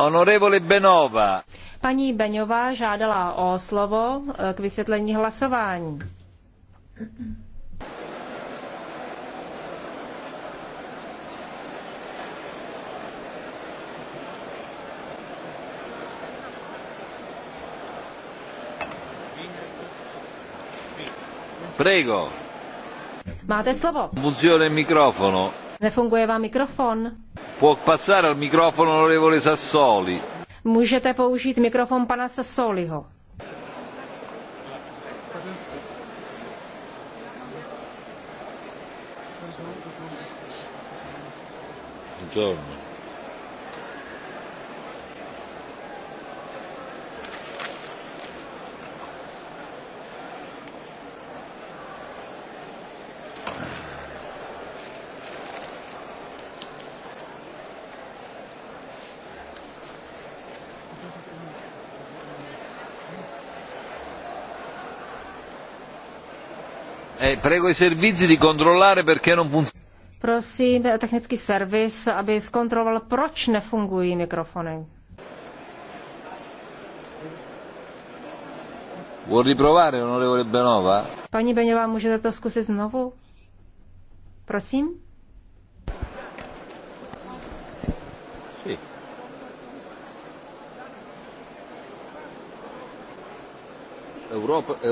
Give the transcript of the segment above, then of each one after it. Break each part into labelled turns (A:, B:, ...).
A: Honorevole Benova.
B: Paní Beňová žádala o slovo eh, k vysvětlení hlasování. Prego. Máte slovo.
A: Funzione mikrofono.
B: Nefunguje vám mikrofon?
A: Può passare al microfono onorevole Sassoli.
B: Můžete použít mikrofon pana Sassoliho.
A: Buongiorno. Eh, prego i servizi di controllare perché non funziona.
B: Prosím technický servis, aby zkontroloval, proč nefungují mikrofony.
A: Vuol riprovare, onorevole Benova?
B: Paní Beňová, můžete to zkusit znovu? Prosím? Sí.
A: Europa, e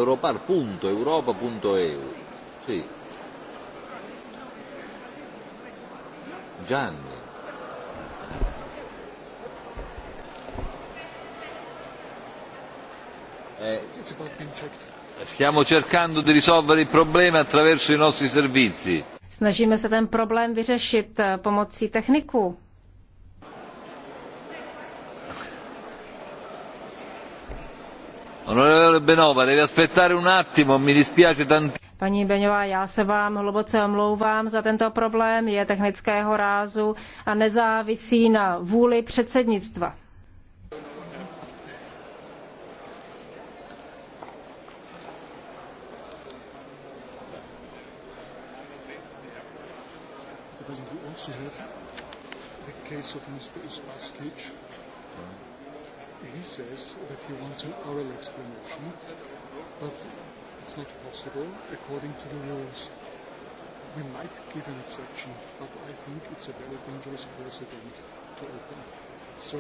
A: Gianni. Eh, stiamo cercando di risolvere il problema attraverso i nostri servizi.
B: Snažíme se ten problém vyřešit eh, pomocí techniků.
A: Onorevole Benova, deve aspettare un attimo, mi dispiace tantissimo.
B: Paní Beňová, já se vám hluboce omlouvám za tento problém, je technického rázu a nezávisí na vůli předsednictva.
C: He says that he wants an oral explanation, but it's not possible according to
D: the rules. We might give an exception, but I think it's a very dangerous precedent to open. So.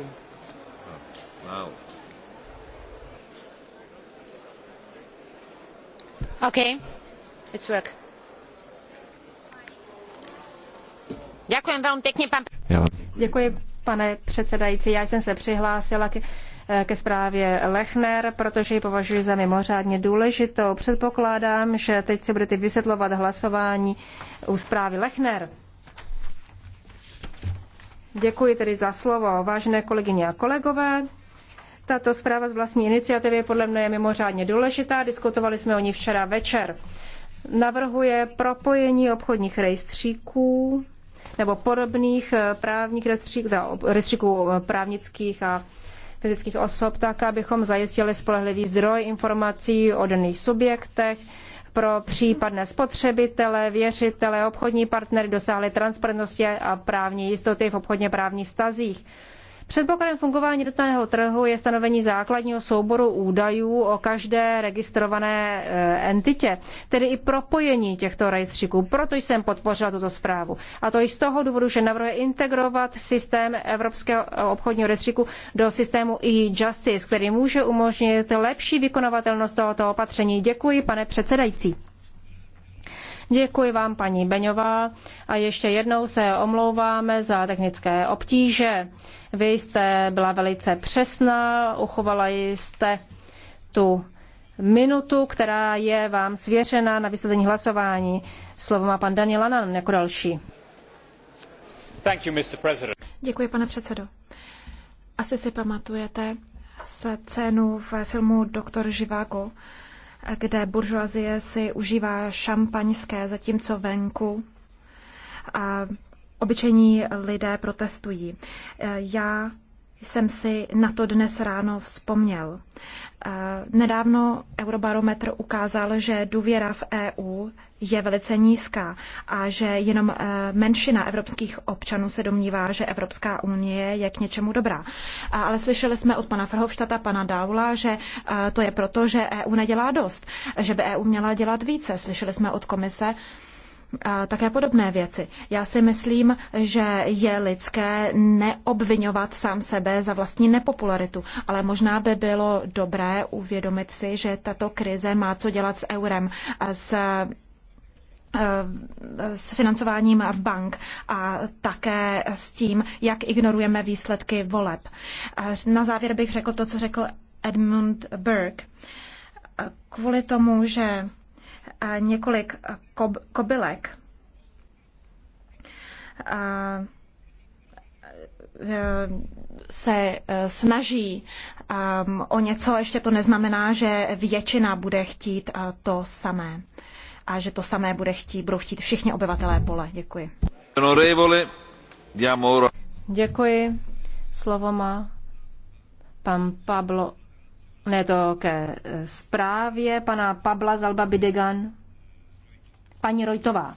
A: Oh, wow.
B: Okay, it's work. Děkuji vám pěkně, pan... Děkuji, pane předsedající. Já jsem se přihlásila Ke... Eh, ke zprávě Lechner, protože ji považuji za mimořádně důležitou. Předpokládám, že teď se budete vysvětlovat hlasování u zprávy Lechner. Děkuji tedy za slovo, vážené kolegyně a kolegové. Tato zpráva z vlastní iniciativy podle mě je mimořádně důležitá. Diskutovali jsme o ní včera večer. Navrhuje propojení obchodních rejstříků nebo podobných eh, právních rejstříků, rejstříků eh, právnických a fyzických osob, tak abychom zajistili spolehlivý zdroj informací o daných subjektech, pro případné spotřebitele, věřitele, obchodní partnery dosáhli transparentnosti a právní jistoty v obchodně právních stazích. Předpokladem fungování dotaného trhu je stanovení základního souboru údajů o každé registrované eh, entitě, tedy i propojení těchto rejstříků. Proto jsem podpořila tuto zprávu. A to i z toho důvodu, že navrhuje integrovat systém Evropského obchodního rejstříku do systému e-justice, který může umožnit lepší vykonovatelnost tohoto opatření. Děkuji, pane předsedající. Děkuji vám, paní Beňová. A ještě jednou se omlouváme za technické obtíže. Vy jste byla velice přesná, uchovala jste tu minutu, která je vám svěřena na vysvětlení hlasování. Slovo má pan Daniel Anan jako další. You, Děkuji, pane předsedo. Asi si pamatujete scénu
E: v filmu Doktor Živago, kde buržoazie si užívá šampaňské, zatímco venku a obyčejní lidé protestují. Já jsem si na to dnes ráno vzpomněl. Nedávno Eurobarometr ukázal, že důvěra v EU je velice nízká a že jenom eh, menšina evropských občanů se domnívá, že Evropská unie je k něčemu dobrá. Ale slyšeli jsme od pana Frhovštata, pana Daula, že eh, to je proto, že EU nedělá dost, že by EU měla dělat více. Slyšeli jsme od komise, a eh, také podobné věci. Já si myslím, že je lidské neobvinovat sám sebe za vlastní nepopularitu, ale možná by bylo dobré uvědomit si, že tato krize má co dělat s eurem, s Eh, s financováním bank a také s tím, jak ignorujeme výsledky voleb. Eh, na závěr bych řekl to, co řekl Edmund Burke. Eh, kvůli tomu, že několik kob- kobylek se snaží o něco, ještě to neznamená, že většina bude chtít to samé a že to samé bude chtít, budou chtít všichni obyvatelé pole. Děkuji.
B: Děkuji. Slovo má pan Pablo, ne to ke zprávě pana Pabla Zalba Bidegan. Paní Rojtová.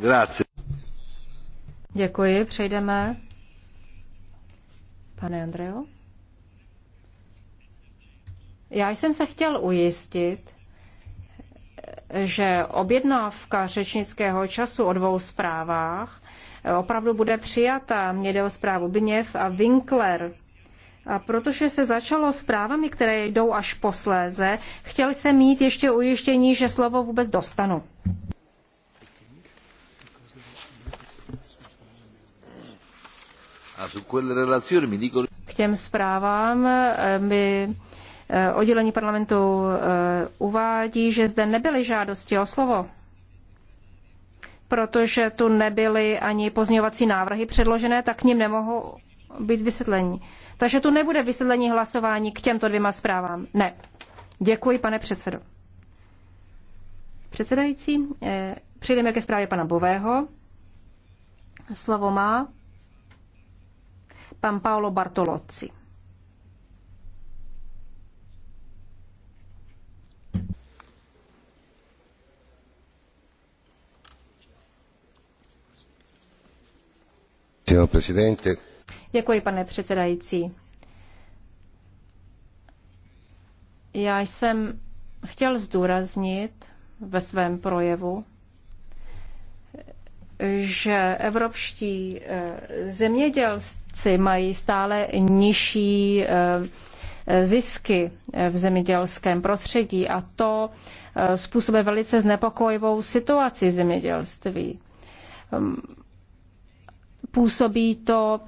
F: Grazie. Děkuji, přejdeme.
B: Pane Andreo? Já jsem se chtěl ujistit, že objednávka řečnického času o dvou zprávách opravdu bude přijata. Mně jde o zprávu Bněv a Winkler. A protože se začalo s právami, které jdou až posléze, chtěl jsem mít ještě ujištění, že slovo vůbec dostanu. K těm zprávám eh, mi eh, oddělení parlamentu eh, uvádí, že zde nebyly žádosti o slovo, protože tu nebyly ani pozměňovací návrhy předložené, tak k ním nemohou být vysvětlení. Takže tu nebude vysvětlení hlasování k těmto dvěma zprávám. Ne. Děkuji, pane předsedo. Předsedající, přejdeme ke zprávě pana Bového. Slovo má pan Paolo Bartolozzi. Děkuji, pane předsedající. Já jsem chtěl zdůraznit ve svém projevu, že evropští eh, zemědělci mají stále nižší eh, zisky eh, v zemědělském prostředí a to způsobuje velice znepokojivou situaci zemědělství. Ehm, působí to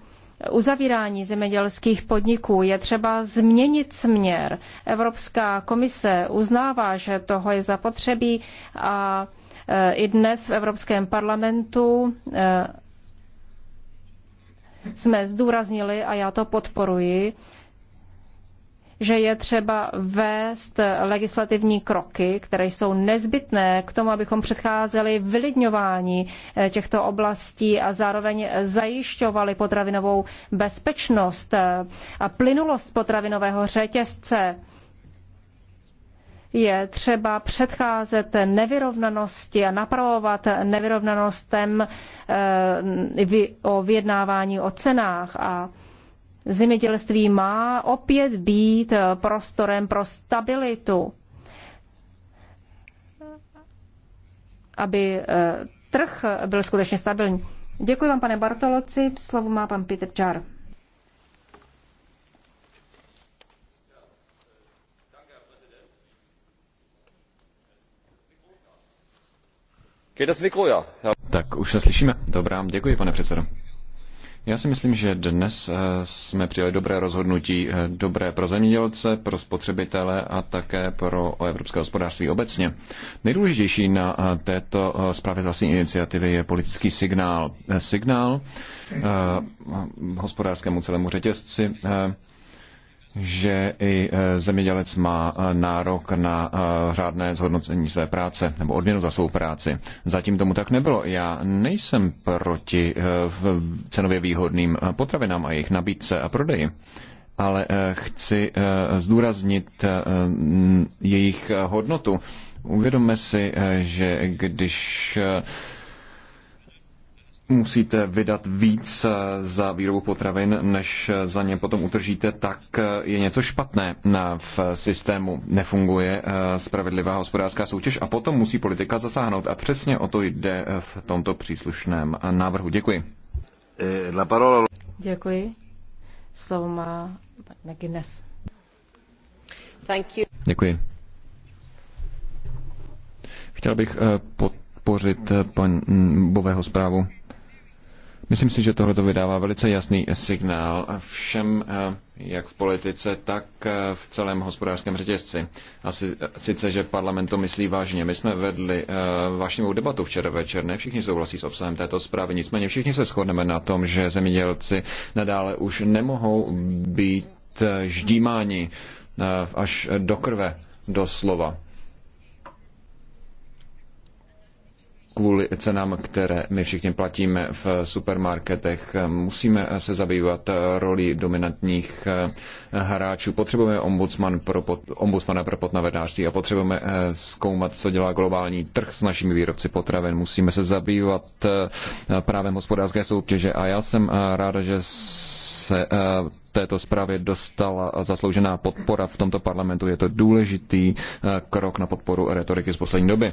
B: uzavírání zemědělských podniků. Je třeba změnit směr. Evropská komise uznává, že toho je zapotřebí a i dnes v Evropském parlamentu eh, jsme zdůraznili, a já to podporuji, že je třeba vést legislativní kroky, které jsou nezbytné k tomu, abychom předcházeli vylidňování eh, těchto oblastí a zároveň zajišťovali potravinovou bezpečnost eh, a plynulost potravinového řetězce je třeba předcházet nevyrovnanosti a napravovat nevyrovnanostem eh, o vyjednávání o cenách a zemědělství má opět být prostorem pro stabilitu, aby eh, trh byl skutečně stabilní. Děkuji vám, pane Bartoloci. Slovo má pan Peter Jar.
C: Tak už se slyšíme. Dobrá, děkuji, pane předsedo. Já si myslím, že dnes eh, jsme přijali dobré rozhodnutí, eh, dobré pro zemědělce, pro spotřebitele a také pro eh, evropské hospodářství obecně. Nejdůležitější na této zprávě z vlastní iniciativy je politický signál. Signál hospodářskému celému řetězci, že i e, zemědělec má e, nárok na e, řádné zhodnocení své práce nebo odměnu za svou práci. Zatím tomu tak nebylo. Já nejsem proti cenově výhodným potravinám a jejich nabídce a prodeji, ale chci zdůraznit jejich hodnotu. Uvědomme si, že když musíte vydat víc eh, za výrobu potravin, než eh, za ně potom utržíte, tak eh, je něco špatné v systému. Nefunguje spravedlivá hospodářská soutěž a potom musí politika zasáhnout. A přesně o to jde v tomto příslušném návrhu. Děkuji.
B: Děkuji. Slovo má McGuinness. Thank you.
C: Děkuji. Chtěl bych podpořit pan mm, Bového zprávu Myslím si, že tohle to vydává velice jasný signál všem, eh, jak v politice, tak eh, v celém hospodářském řetězci. A sice, že parlament to myslí vážně. My jsme vedli eh, vášnivou debatu včera večer, ne všichni souhlasí s obsahem této zprávy, nicméně všichni se shodneme na tom, že zemědělci nadále už nemohou být ždímáni až do krve, doslova. kvůli cenám, které my všichni platíme v supermarketech. Musíme se zabývat roli dominantních eh, hráčů. Potřebujeme ombudsman pro pot, ombudsmana pro potnavedářství a potřebujeme eh, zkoumat, co dělá globální trh s našimi výrobci potravin. Musíme se zabývat eh, právem hospodářské soutěže a já jsem ráda, že se této zprávě dostala zasloužená podpora v tomto parlamentu. Je to důležitý krok na podporu retoriky z poslední doby.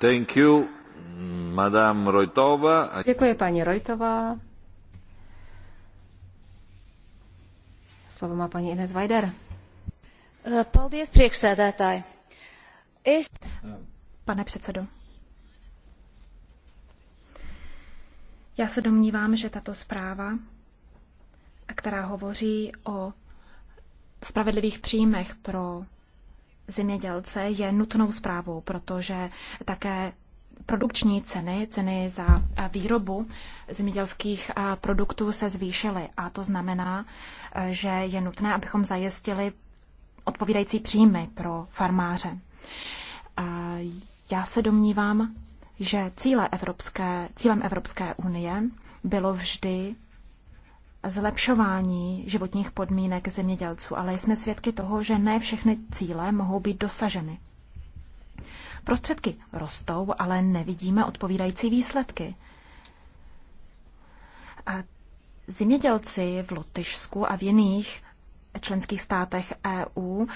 A: Thank you, Madame Rojtova.
F: Děkuji, paní
B: Rojtová. Slovo má paní Ines Vajder. Paldies, priekšsēdētāji. Es... Pane předsedo. Já
E: se domnívám, že tato zpráva, která hovoří o spravedlivých příjmech pro zemědělce je nutnou zprávou, protože také produkční ceny, ceny za eh, výrobu zemědělských eh, produktů se zvýšily. A to znamená, eh, že je nutné, abychom zajistili odpovídající příjmy pro farmáře. Já se domnívám, že cíle Evropské, cílem Evropské unie bylo vždy zlepšování životních podmínek zemědělců, ale jsme svědky toho, že ne všechny cíle mohou být dosaženy. Prostředky rostou, ale nevidíme odpovídající výsledky. A zemědělci v Lotyšsku a v jiných členských státech EU,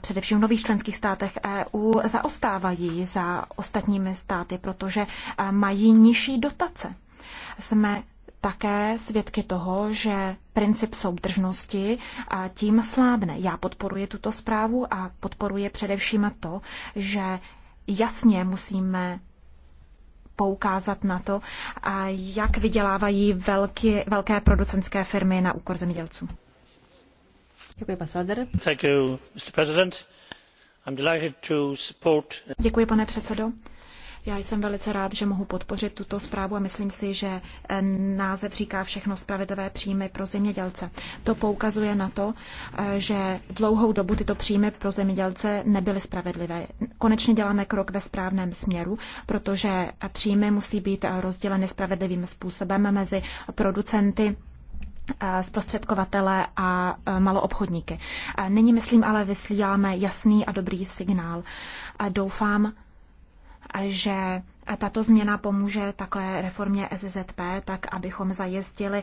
E: především v nových členských státech EU, zaostávají za ostatními státy, protože mají nižší dotace. Jsme také svědky toho, že princip soudržnosti a tím slábne. Já podporuji tuto zprávu a podporuji především to, že jasně musíme poukázat na to, a jak vydělávají velké, velké producentské firmy na úkor zemědělců. Děkuji, pan Svalder.
A: Děkuji,
E: Děkuji, pane předsedo. Já jsem velice rád, že mohu podpořit tuto zprávu a myslím si, že eh, název říká všechno spravedlivé příjmy pro zemědělce. To poukazuje na to, eh, že dlouhou dobu tyto příjmy pro zemědělce nebyly spravedlivé. Konečně děláme krok ve správném směru, protože příjmy musí být eh, rozděleny spravedlivým způsobem mezi producenty, zprostředkovatele a maloobchodníky. Nyní, myslím, ale vysíláme jasný a dobrý signál. Doufám, že tato změna pomůže takové reformě SZP, tak abychom zajistili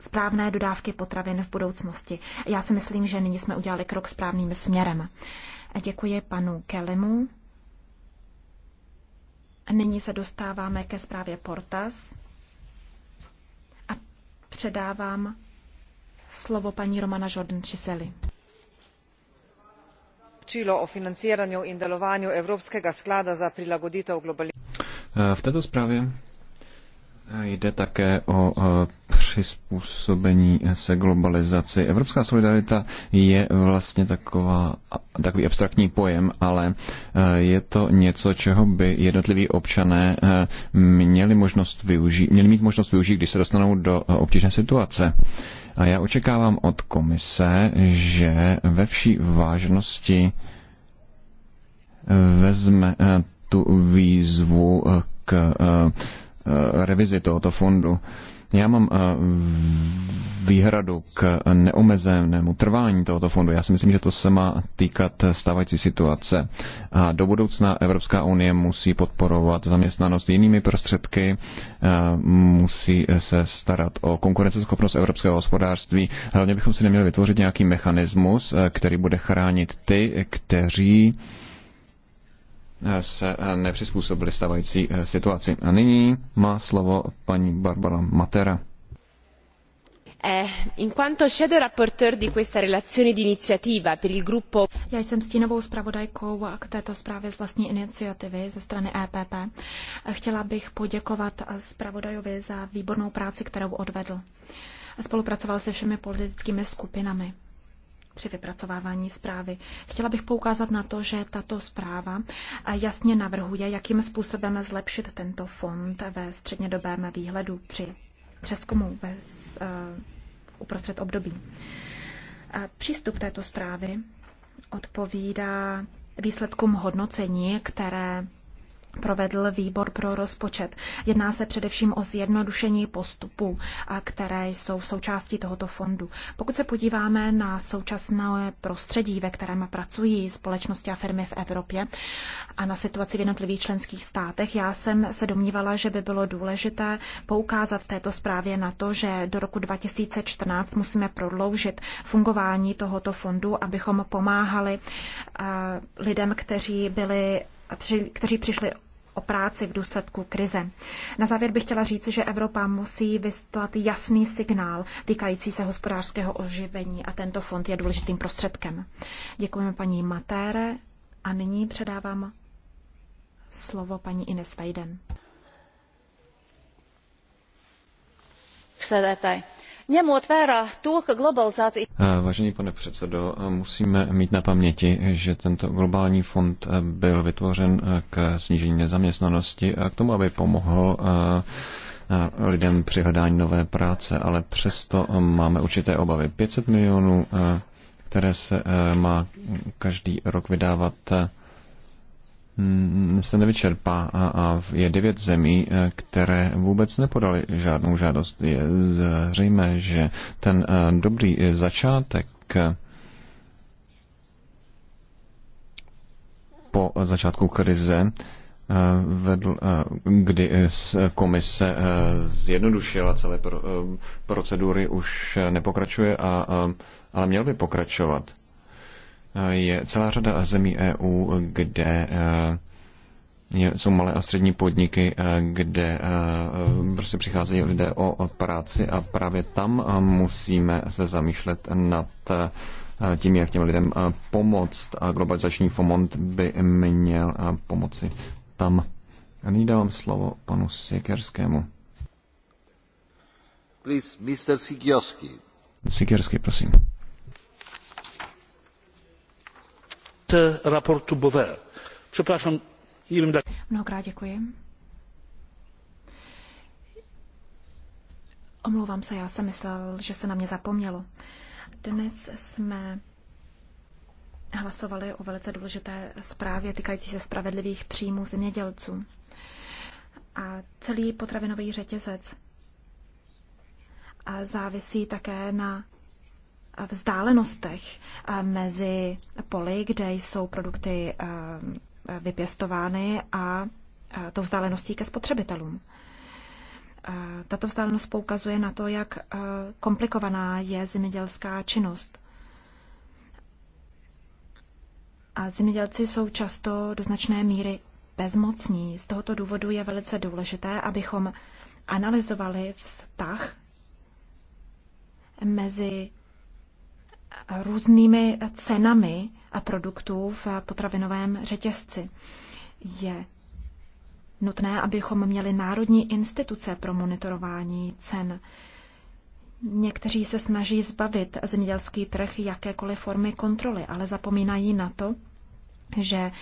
E: správné dodávky potravin v budoucnosti. Já si myslím, že nyní jsme udělali krok správným směrem. Děkuji panu Kelimu. Nyní se dostáváme ke zprávě Portas a předávám slovo paní Romana Jordan
F: Čiseli poročilo o financiranju in delovanju Evropskega sklada za prilagoditev globalizacije.
C: Eh, v této zprávě eh, jde také o eh, přizpůsobení se globalizaci. Evropská solidarita je vlastně taková, takový abstraktní pojem, ale je to něco, čeho by jednotliví občané měli, možnost využít, měli mít možnost využít, když se dostanou do obtížné situace a já očekávám od komise, že ve vší vážnosti vezme eh, tu výzvu eh, k eh, Eh, revizi tohoto fondu. Já mám eh, výhradu k neomezenému trvání tohoto fondu. Já si myslím, že to se má týkat stávající situace. A do budoucna Evropská unie musí podporovat zaměstnanost jinými prostředky, eh, musí se starat o konkurenceschopnost evropského hospodářství. Hlavně bychom si neměli vytvořit nějaký mechanismus, který bude chránit ty, kteří se eh, nepřizpůsobili stávající eh, situaci. A nyní má slovo paní Barbara Matera.
E: Eh, Já jsem stínovou zpravodajkou k této zprávě z vlastní iniciativy ze strany EPP. Chtěla bych poděkovat zpravodajovi za výbornou práci, kterou odvedl. Spolupracoval se všemi politickými skupinami při vypracovávání zprávy. Chtěla bych poukázat na to, že tato zpráva eh, jasně navrhuje, jakým způsobem zlepšit tento fond ve střednědobém výhledu při přeskumu ve, uh, uprostřed období. A eh, přístup této zprávy odpovídá výsledkům hodnocení, které provedl výbor pro rozpočet. Jedná se především o zjednodušení postupů, které jsou součástí tohoto fondu. Pokud se podíváme na současné prostředí, ve kterém pracují společnosti a firmy v Evropě a na situaci v jednotlivých členských státech, já jsem se domnívala, že by bylo důležité poukázat v této zprávě na to, že do roku 2014 musíme prodloužit fungování tohoto fondu, abychom pomáhali eh, lidem, kteří byli kteří přišli o práci v důsledku krize. Na závěr bych chtěla říct, že Evropa musí vyslat jasný signál týkající se hospodářského oživení a tento fond je důležitým prostředkem. Děkujeme paní Matére a nyní předávám slovo paní Ines Vejden.
B: Předátaj. Eh,
C: vážený pane předsedo, eh, musíme mít na paměti, že tento globální fond eh, byl vytvořen k snížení nezaměstnanosti a k tomu, aby pomohl lidem při hledání nové práce, ale přesto máme určité obavy. 500 milionů, které se má každý rok vydávat Mm, se nevyčerpá a, a je devět zemí, eh, které vůbec nepodali žádnou žádost. Je zřejmé, že ten eh, dobrý začátek po začátku krize eh, vedl, kdy komise zjednodušila celé procedury, už nepokračuje, a, ale měl by pokračovat je celá řada zemí EU, kde eh, jsou malé a střední podniky, eh, kde eh, prostě přicházejí lidé o práci a právě tam musíme se zamýšlet nad tím, jak těm lidem pomoct a globalizační fond by měl pomoci tam. A nyní dávám slovo panu Sikerskému.
A: Please, Mr. Sikersky. Sikersky, prosím.
E: Mnohokrát děkuji. Omlouvám se, já jsem myslel, že se na mě zapomnělo. Dnes jsme hlasovali o velice důležité zprávě týkající se spravedlivých příjmů zemědělců. A celý potravinový řetězec a závisí také na vzdálenostech mezi poli, kde jsou produkty vypěstovány a tou vzdáleností ke spotřebitelům. Tato vzdálenost poukazuje na to, jak komplikovaná je zemědělská činnost. A zemědělci jsou často do značné míry bezmocní. Z tohoto důvodu je velice důležité, abychom analyzovali vztah mezi různými cenami a produktů v potravinovém řetězci. Je nutné, abychom měli národní instituce pro monitorování cen. Někteří se snaží zbavit zemědělský trh jakékoliv formy kontroly, ale zapomínají na to, že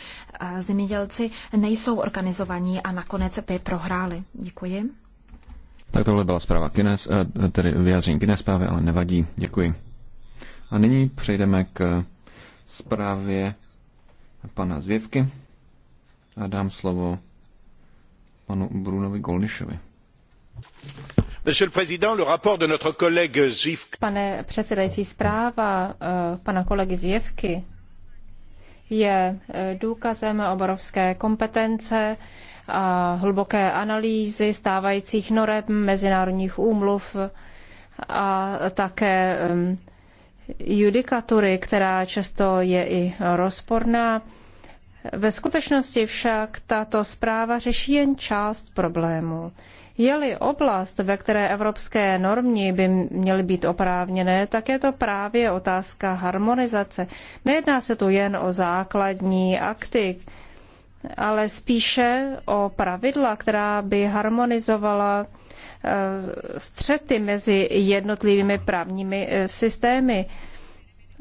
E: zemědělci nejsou organizovaní a nakonec by prohráli. Děkuji.
C: Tak tohle byla zpráva Kines, eh, tedy vyjádření Kines zprávy, ale nevadí. Děkuji. A nyní přejdeme k zprávě pana Zvěvky a dám slovo panu Brunovi Golnišovi.
B: Pane předsedající, zpráva eh, pana kolegy Zjevky je eh, důkazem obrovské kompetence a hluboké analýzy stávajících norem mezinárodních úmluv a také judikatury, která často je i rozporná. Ve skutečnosti však tato zpráva řeší jen část problému. Je-li oblast, ve které evropské normy by měly být oprávněné, tak je to právě otázka harmonizace. Nejedná se tu jen o základní akty, ale spíše o pravidla, která by harmonizovala Eh, střety mezi jednotlivými právními eh, systémy.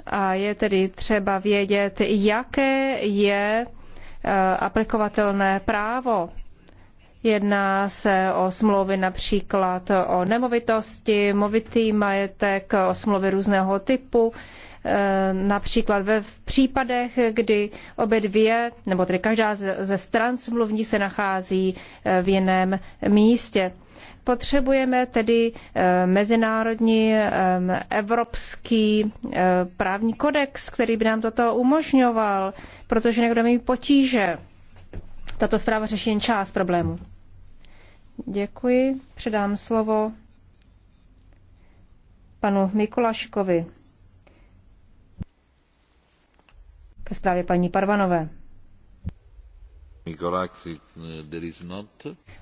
B: A je tedy třeba vědět, jaké je eh, aplikovatelné právo. Jedná se o smlouvy například o nemovitosti, movitý majetek, o smlouvy různého typu. Eh, například ve případech, kdy obě dvě, nebo tedy každá ze stran smluvní se nachází eh, v jiném místě. Potřebujeme tedy eh, mezinárodní evropský právní kodex, který by nám toto umožňoval, protože někdo mít potíže. Tato zpráva řeší jen část problému. Děkuji. Předám slovo panu Mikulaškovi. ke zprávě paní Parvanové.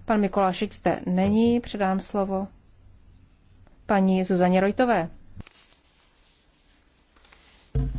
B: Pan Mikolášik zde není, předám slovo
F: paní Zuzaně Rojtové.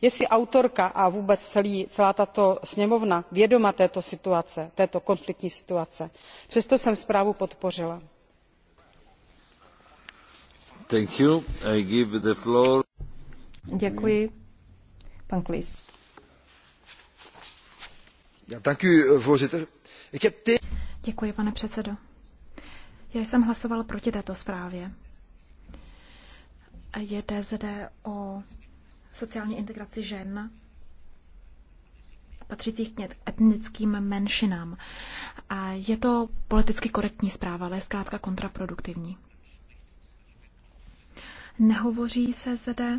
F: je si autorka a vůbec celá tato sněmovna vědoma této situace, této konfliktní situace přesto jsem zprávu podpořila.
A: Děkuji.
B: Mm.
D: Eh,
E: Děkuji, pane předsedo. Já jsem hlasoval proti této zprávě. Jde zde o sociální integraci žen patřících k etnickým menšinám. A je to politicky korektní zpráva, ale je zkrátka kontraproduktivní. Nehovoří se zde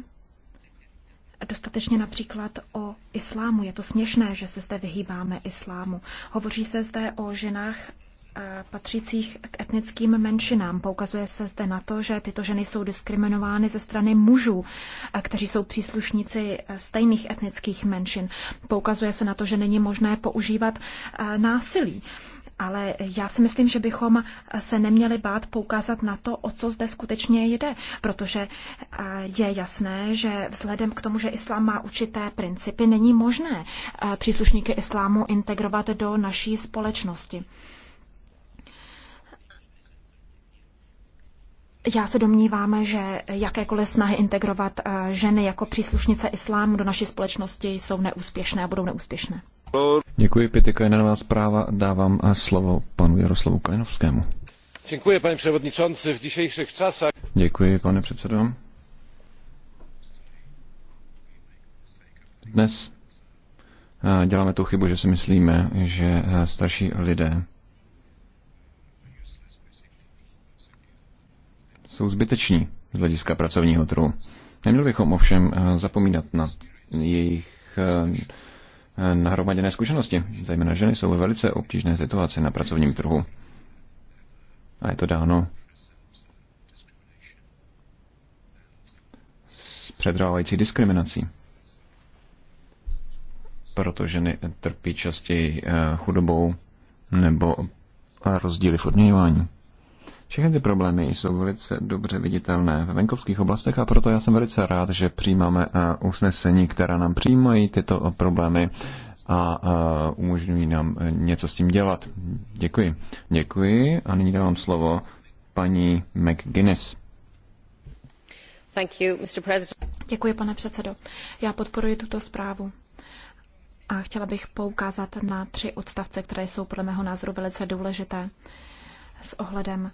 E: dostatečně například o islámu. Je to směšné, že se zde vyhýbáme islámu. Hovoří se zde o ženách patřících k etnickým menšinám. Poukazuje se zde na to, že tyto ženy jsou diskriminovány ze strany mužů, kteří jsou příslušníci e, stejných etnických menšin. Poukazuje se na to, že není možné používat e, násilí. Ale já si myslím, že bychom se neměli bát poukázat na to, o co zde skutečně jde, protože e, je jasné, že vzhledem k tomu, že islám má určité principy, není možné příslušníky islámu integrovat do naší společnosti. Já se domnívám, že jakékoliv snahy integrovat eh, ženy jako příslušnice islámu do naší společnosti jsou neúspěšné a budou neúspěšné.
C: Děkuji, Pitykajenová zpráva. Dávám eh, slovo panu Jaroslavu Kalinovskému.
D: Děkuji, pane předsedající. V dnešních časech.
C: Děkuji, pane předsedo. Dnes eh, děláme tu chybu, že si myslíme, že starší lidé jsou zbyteční z hlediska pracovního trhu. Neměli bychom ovšem eh, zapomínat na jejich eh, nahromaděné zkušenosti. Zejména ženy jsou ve velice obtížné situaci na pracovním trhu. A je to dáno s předrávající diskriminací. Proto ženy trpí častěji eh, chudobou nebo rozdíly v odměňování. Všechny ty problémy jsou velice dobře viditelné ve venkovských oblastech a proto já jsem velice rád, že přijímáme eh, usnesení, která nám přijímají tyto eh, problémy a eh, umožňují nám něco s tím dělat. Děkuji. Děkuji a nyní dávám slovo paní McGuinness.
B: Thank you, Mr. President. Děkuji, pane předsedo.
E: Já podporuji tuto zprávu. A chtěla bych poukázat na tři odstavce, které jsou podle mého názoru velice důležité s ohledem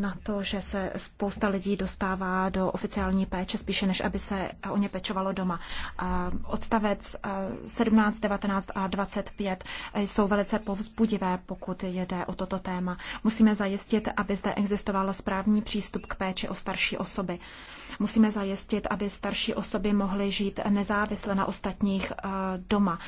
E: na to, že se spousta lidí dostává do oficiální péče spíše, než aby se o ně pečovalo doma. Odstavec 17, 19 a 25 jsou velice povzbudivé, pokud jde o toto téma. Musíme zajistit, aby zde existoval správný přístup k péči o starší osoby. Musíme zajistit, aby starší osoby mohly žít nezávisle na ostatních doma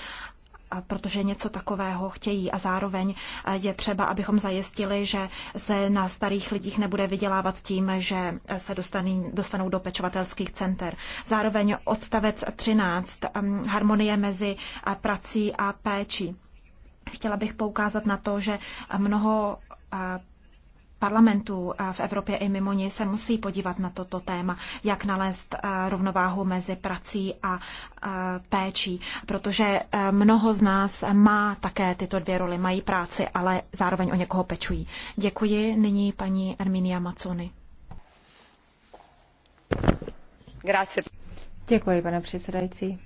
E: protože něco takového chtějí a zároveň eh, je třeba, abychom zajistili, že se na starých lidích nebude vydělávat tím, že eh, se dostanou, dostanou do pečovatelských center. Zároveň odstavec 13, mm, harmonie mezi eh, prací a péčí. Chtěla bych poukázat na to, že mnoho parlamentů v Evropě i mimo ní se musí podívat na toto téma, jak nalézt e, rovnováhu mezi prací a e, péčí, protože e, mnoho z nás má také tyto dvě roly, mají práci, ale zároveň o někoho pečují. Děkuji nyní paní Erminia Macony.
F: Grazie.
B: Děkuji, pane předsedající.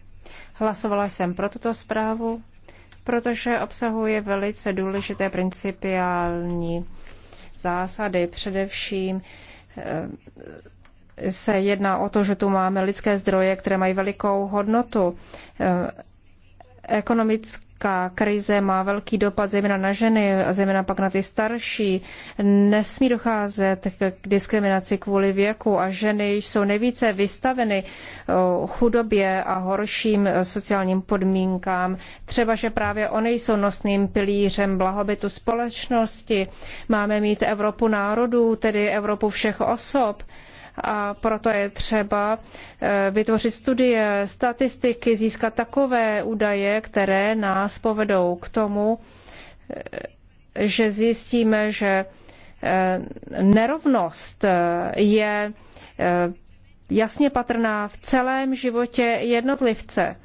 B: Hlasovala jsem pro tuto zprávu, protože obsahuje velice důležité principiální zásady. Především eh, se jedná o to, že tu máme lidské zdroje, které mají velikou hodnotu. Eh, ekonomický energetická krize má velký dopad zejména na ženy a zejména pak na ty starší. Nesmí docházet k diskriminaci kvůli věku a ženy jsou nejvíce vystaveny chudobě a horším sociálním podmínkám. Třeba, že právě oni jsou nosným pilířem blahobytu společnosti. Máme mít Evropu národů, tedy Evropu všech osob a proto je třeba eh, vytvořit studie, statistiky, získat takové údaje, které nás povedou k tomu, eh, že zjistíme, že eh, nerovnost je jasně patrná v celém životě jednotlivce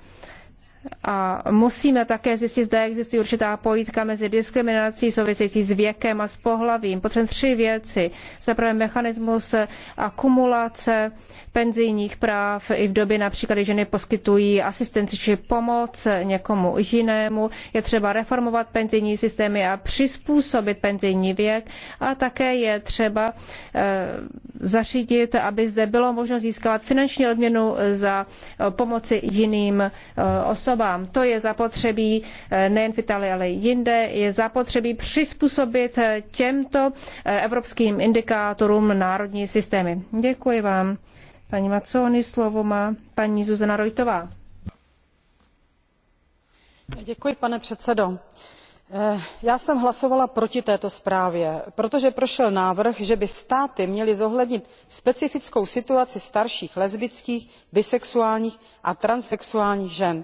B: a musíme také zjistit, zda existují určitá pojítka mezi diskriminací související s věkem a s pohlavím. Potřebujeme tři věci. Za prvé mechanismus akumulace penzijních práv i v době například, kdy ženy poskytují asistenci či pomoc někomu jinému. Je třeba reformovat penzijní systémy a přizpůsobit penzijní věk a také je třeba e, zařídit, aby zde bylo možno získávat finanční odměnu za eh, pomoci jiným e, osobám osobám. To je zapotřebí eh, nejen v Itálii, ale i jinde. Je zapotřebí přizpůsobit eh, těmto eh, evropským indikátorům národní systémy. Děkuji vám. Paní Maconi, slovo má paní Zuzana Rojtová.
F: Děkuji, pane předsedo já jsem hlasovala proti této zprávě protože prošel návrh že by státy měly zohlednit specifickou situaci starších lesbických bisexuálních a transsexuálních žen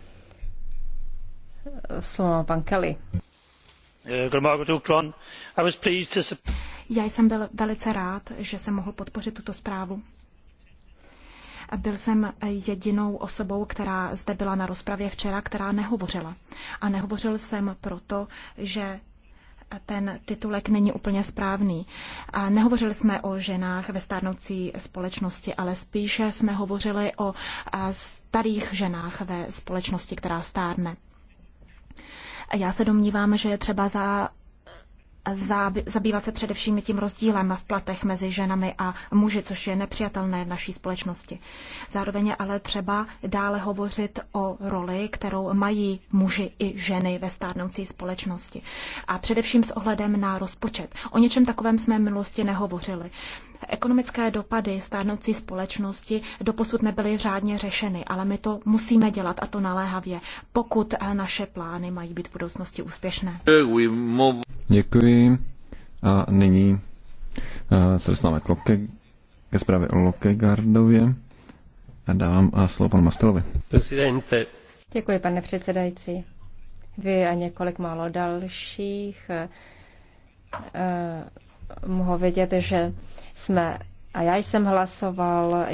B: Já jsem byl velice
E: rád, že jsem mohl podpořit tuto zprávu. Byl jsem jedinou osobou, která zde byla na rozpravě včera, která nehovořila. A nehovořil jsem proto, že ten titulek není úplně správný. A nehovořili jsme o ženách ve stárnoucí společnosti, ale spíše jsme hovořili o starých ženách ve společnosti, která stárne. Já se domnívám, že je třeba za zabývat se především tím rozdílem v platech mezi ženami a muži, což je nepřijatelné v naší společnosti. Zároveň je ale třeba dále hovořit o roli, kterou mají muži i ženy ve stárnoucí společnosti. A především s ohledem na rozpočet. O něčem takovém jsme v minulosti nehovořili. Ekonomické dopady stárnoucí společnosti doposud nebyly řádně řešeny, ale my to musíme dělat a to naléhavě, pokud eh, naše plány mají být v budoucnosti úspěšné.
C: Děkuji. A nyní eh, se dostáváme k Loke, ke zprávě o Lokegardově a dávám a eh, slovo panu Mastelovi.
A: Presidente.
B: Děkuji, pane předsedající. Vy a několik málo dalších mohl vědět, že jsme a já jsem hlasoval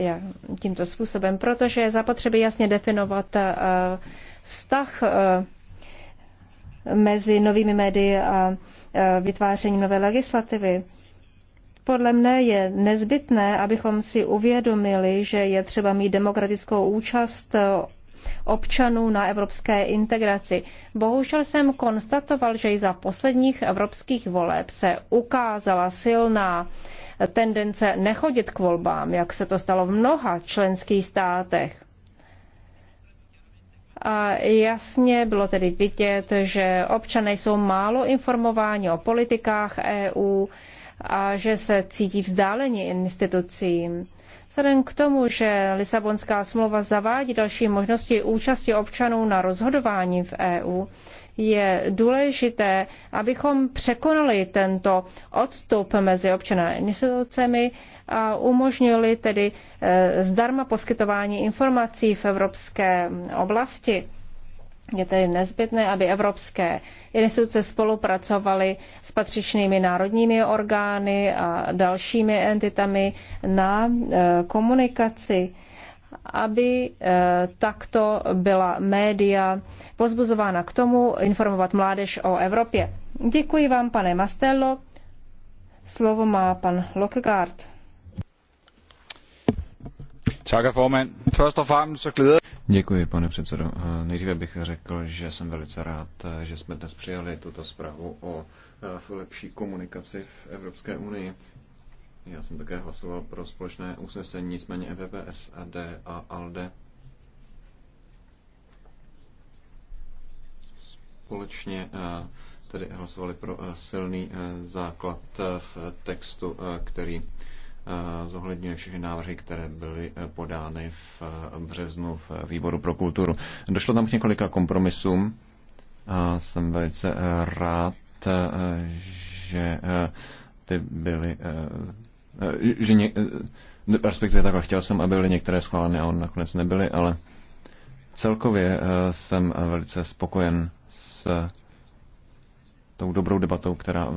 B: tímto způsobem, protože je zapotřebí jasně definovat eh, vztah eh, mezi novými médii a eh, vytvářením nové legislativy. Podle mne je nezbytné, abychom si uvědomili, že je třeba mít demokratickou účast občanů na evropské integraci. Bohužel jsem konstatoval, že i za posledních evropských voleb se ukázala silná tendence nechodit k volbám, jak se to stalo v mnoha členských státech. A jasně bylo tedy vidět, že občané jsou málo informováni o politikách EU a že se cítí vzdáleni institucím. Vzhledem k tomu, že Lisabonská smlouva zavádí další možnosti účasti občanů na rozhodování v EU, je důležité, abychom překonali tento odstup mezi občany a institucemi a umožnili tedy eh, zdarma poskytování informací v evropské oblasti. Je tedy nezbytné, aby evropské instituce spolupracovaly s patřičnými národními orgány a dalšími entitami na eh, komunikaci, aby eh, takto byla média pozbuzována k tomu informovat mládež o Evropě. Děkuji vám, pane Mastello. Slovo má pan
C: Lockegaard.
A: Tak, formand. Først og fremmest glæder
C: Děkuji, pane předsedo. Eh, nejdříve bych řekl, že jsem velice rád, eh, že jsme dnes přijali tuto zprávu o eh, lepší komunikaci v Evropské unii. Já jsem také hlasoval pro společné usnesení, nicméně EPP, SAD a ALDE společně tedy hlasovali pro silný základ v textu, který Eh, zohledňuje všechny návrhy, které byly eh, podány v eh, březnu v výboru pro kulturu. Došlo tam k několika kompromisům a jsem velice rád, že ty byly, že ně, respektive takhle chtěl jsem, aby byly některé schváleny a on nakonec nebyly, ale celkově jsem velice spokojen s tou dobrou debatou, která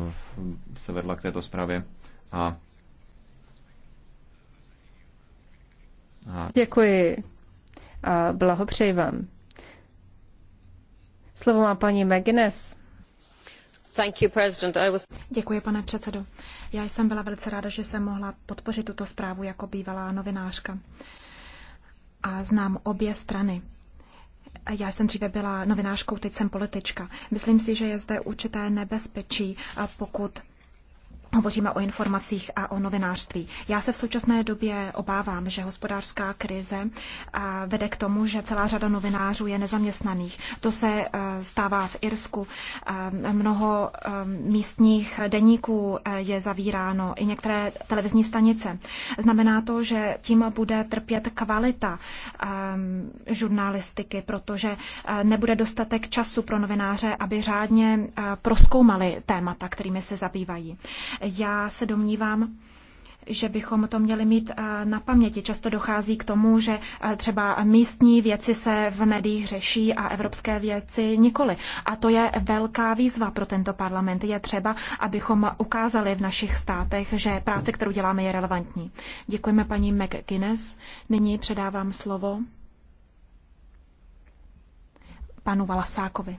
C: se vedla k této zprávě a
B: Děkuji a blahopřeji vám. Slovo má paní McGuinness. You, was... Děkuji, pane předsedo. Já jsem byla velice ráda, že
E: jsem mohla podpořit tuto zprávu jako bývalá novinářka. A znám obě strany. Já jsem dříve byla novinářkou, teď jsem politička. Myslím si, že je zde určité nebezpečí, pokud Hovoříme o informacích a o novinářství. Já se v současné době obávám, že hospodářská krize eh, vede k tomu, že celá řada novinářů je nezaměstnaných. To se eh, stává v Irsku. Eh, mnoho místních deníků je zavíráno, i některé televizní stanice. Znamená to, že tím bude trpět kvalita žurnalistiky, protože nebude dostatek času pro novináře, aby řádně proskoumali témata, kterými se zabývají. Já se domnívám, že bychom to měli mít eh, na paměti. Často dochází k tomu, že eh, třeba místní věci se v médiích řeší a evropské věci nikoli. A to je velká výzva pro tento parlament. Je třeba, abychom ukázali v našich státech, že práce, kterou děláme, je relevantní. Děkujeme paní McGuinness. Nyní předávám slovo panu Valasákovi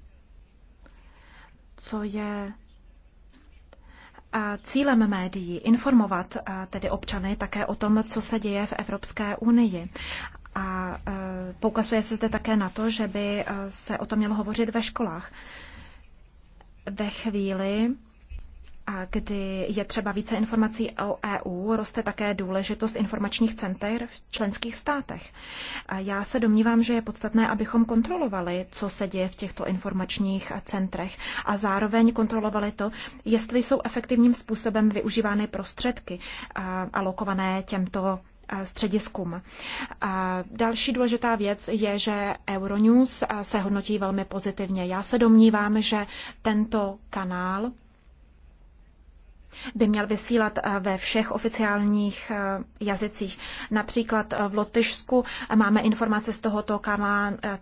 E: co je Cílem médií informovat tedy občany také o tom, co se děje v Evropské unii. A e, poukazuje se zde také na to, že by e, se o tom mělo hovořit ve školách. Ve chvíli, kdy je třeba více informací o EU, roste také důležitost informačních center v členských státech. Já se domnívám, že je podstatné, abychom kontrolovali, co se děje v těchto informačních centrech a zároveň kontrolovali to, jestli jsou efektivním způsobem využívány prostředky a alokované těmto střediskům. A další důležitá věc je, že Euronews se hodnotí velmi pozitivně. Já se domnívám, že tento kanál by měl vysílat eh, ve všech oficiálních eh, jazycích. Například eh, v Lotyšsku máme informace z tohoto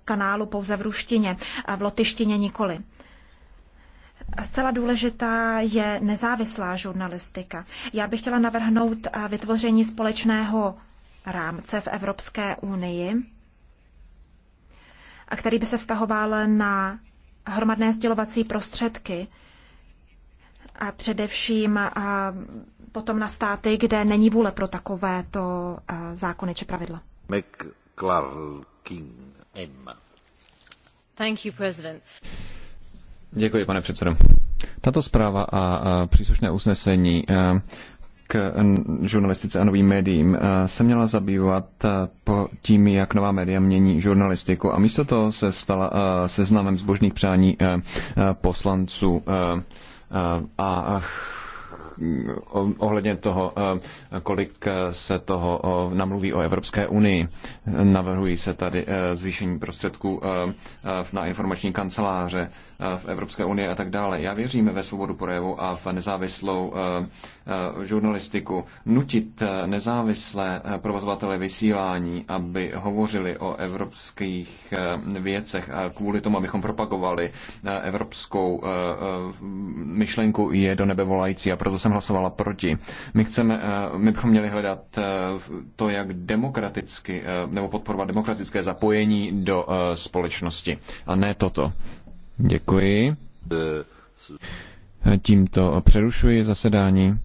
E: kanálu pouze v ruštině, v lotyštině nikoli. Zcela důležitá je nezávislá žurnalistika. Já bych chtěla navrhnout vytvoření společného rámce v Evropské unii, který by se vztahoval na hromadné sdělovací prostředky, a především a potom na státy, kde není vůle pro takovéto zákony či pravidla.
B: Thank you, President.
A: Děkuji, pane předsedo.
C: Tato zpráva a, příslušné usnesení k žurnalistice a novým médiím se měla zabývat tím, jak nová média mění žurnalistiku a místo toho se stala seznamem zbožných přání poslanců Eh, a Eh, ohledně toho, eh, kolik se toho eh, namluví o Evropské unii. Navrhují se tady zvýšení prostředků na informační kanceláře v Evropské unii a tak dále. Já věřím ve svobodu projevu a v nezávislou žurnalistiku. Nutit nezávislé provozovatele vysílání, aby hovořili o evropských věcech a kvůli tomu, abychom propagovali evropskou myšlenku, je do nebe volající a proto jsem jsem hlasovala proti. My, chceme, eh, my bychom měli hledat eh, to, jak demokraticky, eh, nebo podporovat demokratické zapojení do společnosti. A ne toto. Děkuji. Tímto přerušuji zasedání.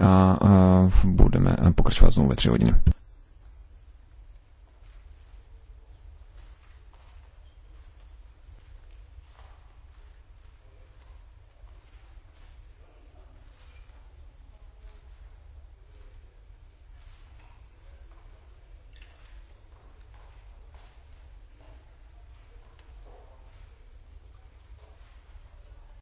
C: A budeme pokračovat znovu ve tři hodiny.